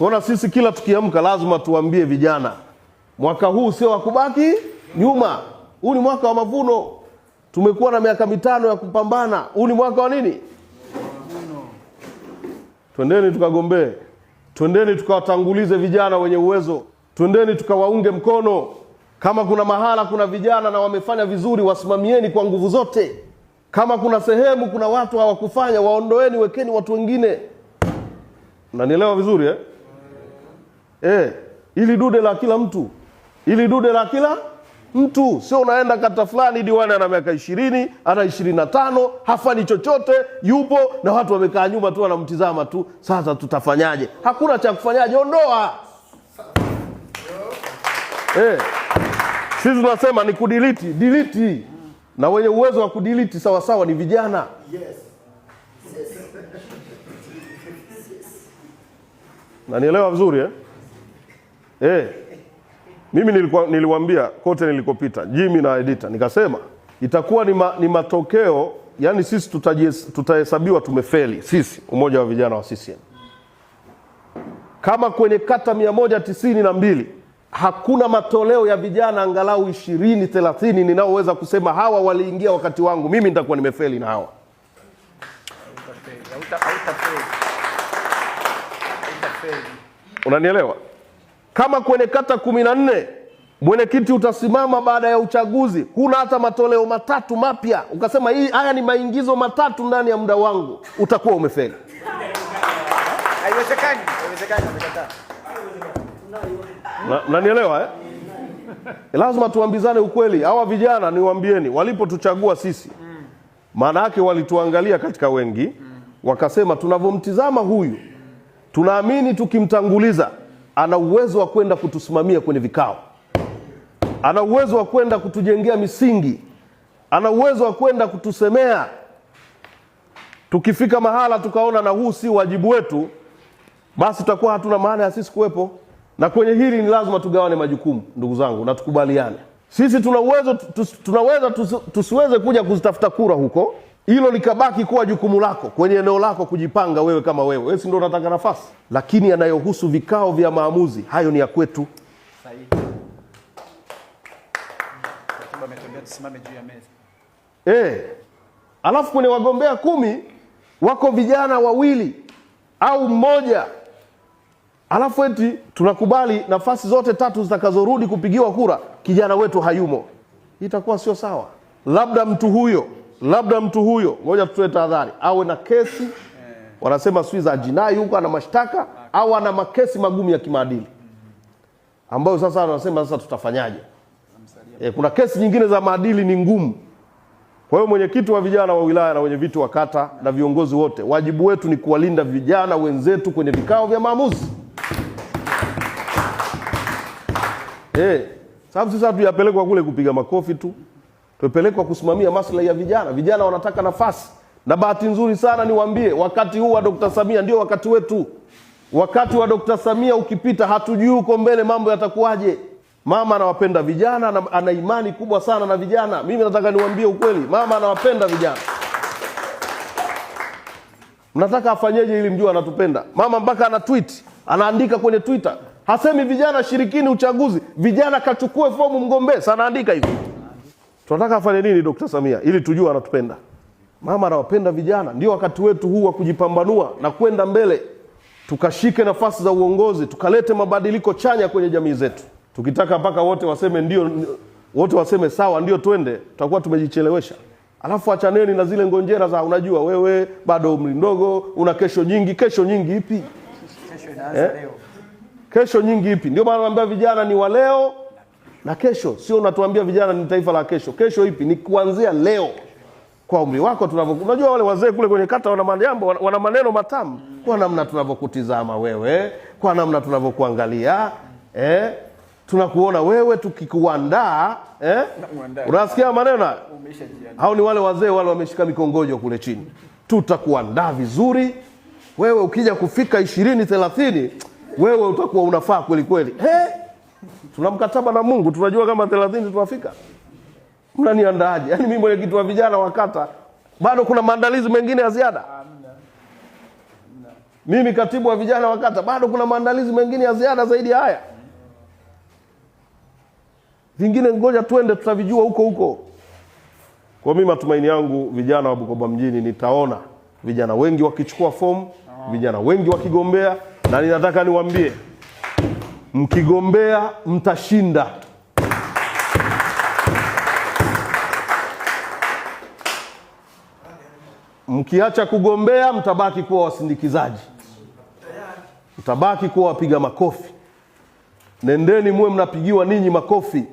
kuona sisi kila tukiamka lazima tuambie vijana, mwaka huu sio wa kubaki nyuma, huu ni mwaka wa mavuno. Tumekuwa na miaka mitano ya kupambana, huu ni mwaka wa nini? Twendeni tukagombee, twendeni tukawatangulize vijana wenye uwezo, twendeni tukawaunge mkono. Kama kuna mahala kuna vijana na wamefanya vizuri, wasimamieni kwa nguvu zote. Kama kuna sehemu kuna watu hawakufanya, waondoeni, wekeni watu wengine. Nanielewa vizuri eh? eh, ili dude la kila mtu, ili dude la kila mtu, sio unaenda kata fulani, diwani ana miaka ishirini, ana ishirini na tano, hafanyi chochote, yupo na watu wamekaa nyuma tu wanamtizama tu. Sasa tutafanyaje? Hakuna cha kufanyaje, ondoa eh. Sisi tunasema ni kudiliti diliti, na wenye uwezo wa kudiliti sawasawa ni vijana yes. Yes. Nanielewa vizuri eh? eh. Mimi nilikuwa, niliwambia kote nilikopita Jimmy na Edita nikasema itakuwa ni, ma, ni matokeo yani sisi tutahesabiwa tumefeli sisi umoja wa vijana wa CCM kama kwenye kata mia moja tisini na mbili hakuna matoleo ya vijana angalau ishirini thelathini ninaoweza kusema hawa waliingia wakati wangu, mimi nitakuwa nimefeli na hawa. Unanielewa? Kama kwenye kata kumi na nne mwenyekiti utasimama baada ya uchaguzi, huna hata matoleo matatu mapya, ukasema hii haya ni maingizo matatu ndani ya muda wangu, utakuwa umefeli. Haiwezekani, haiwezekani, eh? Lazima tuambizane ukweli. Hawa vijana niwaambieni, walipotuchagua sisi, maana yake walituangalia katika wengi, wakasema tunavyomtizama huyu, tunaamini tukimtanguliza ana uwezo wa kwenda kutusimamia kwenye vikao, ana uwezo wa kwenda kutujengea misingi, ana uwezo wa kwenda kutusemea. Tukifika mahala tukaona na huu si wajibu wetu, basi tutakuwa hatuna maana ya sisi kuwepo. Na kwenye hili ni lazima tugawane majukumu, ndugu zangu, na tukubaliane sisi tuna uwezo, tunaweza tusiweze kuja kuzitafuta kura huko hilo likabaki kuwa jukumu lako kwenye eneo lako kujipanga wewe kama wewe wewe, si ndio unataka nafasi? Lakini yanayohusu vikao vya maamuzi hayo ni ya kwetu. E, alafu kwenye wagombea kumi wako vijana wawili au mmoja, alafu eti tunakubali nafasi zote tatu zitakazorudi kupigiwa kura kijana wetu hayumo. Itakuwa sio sawa. Labda mtu huyo labda mtu huyo, ngoja tutoe tahadhari, awe na kesi wanasema sui za jinai huko, ana mashtaka au ana makesi magumu ya kimaadili, ambayo sasa anasema sasa tutafanyaje? E, kuna kesi nyingine za maadili ni ngumu. Kwa hiyo mwenyekiti wa vijana wa wilaya na wenyeviti wa kata na viongozi wote, wajibu wetu ni kuwalinda vijana wenzetu kwenye vikao vya maamuzi e, sababu sisi hatujapelekwa kule kupiga makofi tu tumepelekwa kusimamia maslahi ya vijana. Vijana wanataka nafasi, na bahati nzuri sana niwaambie, wakati huu wa Dokta Samia ndio wakati wetu. Wakati wa Dokta Samia ukipita, hatujui huko mbele mambo yatakuwaje. Mama anawapenda vijana na ana imani kubwa sana na vijana. Mimi nataka niwaambie ukweli, mama anawapenda vijana. Mnataka afanyeje ili mjue anatupenda? Mama mpaka ana tweet, anaandika kwenye Twitter, hasemi vijana shirikini uchaguzi, vijana kachukue fomu mgombee, sanaandika hivi tunataka afanye nini Dr. Samia ili tujue anatupenda. Mama anawapenda vijana, ndio wakati wetu huu wa kujipambanua na kwenda mbele, tukashike nafasi za uongozi, tukalete mabadiliko chanya kwenye jamii zetu. Tukitaka mpaka wote waseme ndio, wote waseme sawa, ndio twende, tutakuwa tumejichelewesha. Alafu achaneni na zile ngonjera za unajua, wewe bado umri mdogo, una kesho nyingi. Kesho nyingi ipi? Kesho inaanza eh? leo. Eh? Kesho nyingi ipi? Ndio maana naambia vijana ni waleo na kesho sio unatuambia vijana ni taifa la kesho. Kesho ipi? Ni kuanzia leo kwa umri wako tunavyo. Unajua wale wazee kule kwenye kata wana maneno, wana maneno matamu kwa namna tunavyokutizama wewe, kwa namna tunavyokuangalia eh, tunakuona wewe tukikuandaa eh? Unasikia maneno hao, ni wale wazee wale wameshika mikongojo kule chini. Tutakuandaa vizuri wewe, ukija kufika ishirini thelathini, wewe utakuwa unafaa kweli kweli eh? Tuna mkataba na Mungu, tunajua kama 30 tutafika. Mnaniandaje? Yaani mimi mwenyekiti wa vijana wakata bado kuna maandalizi mengine ya ziada. Mimi katibu wa vijana wakata bado kuna maandalizi mengine ya ziada zaidi ya haya. Vingine ngoja twende, tutavijua huko huko. Kwa mimi matumaini yangu vijana wa Bukoba mjini, nitaona vijana wengi wakichukua fomu, vijana wengi wakigombea, na ninataka niwaambie mkigombea mtashinda. Mkiacha kugombea mtabaki kuwa wasindikizaji, mtabaki kuwa wapiga makofi. Nendeni muwe mnapigiwa ninyi makofi,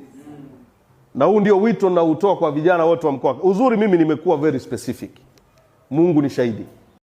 na huu ndio wito nautoa kwa vijana wote wa mkoa. Uzuri mimi nimekuwa very specific, Mungu ni shahidi.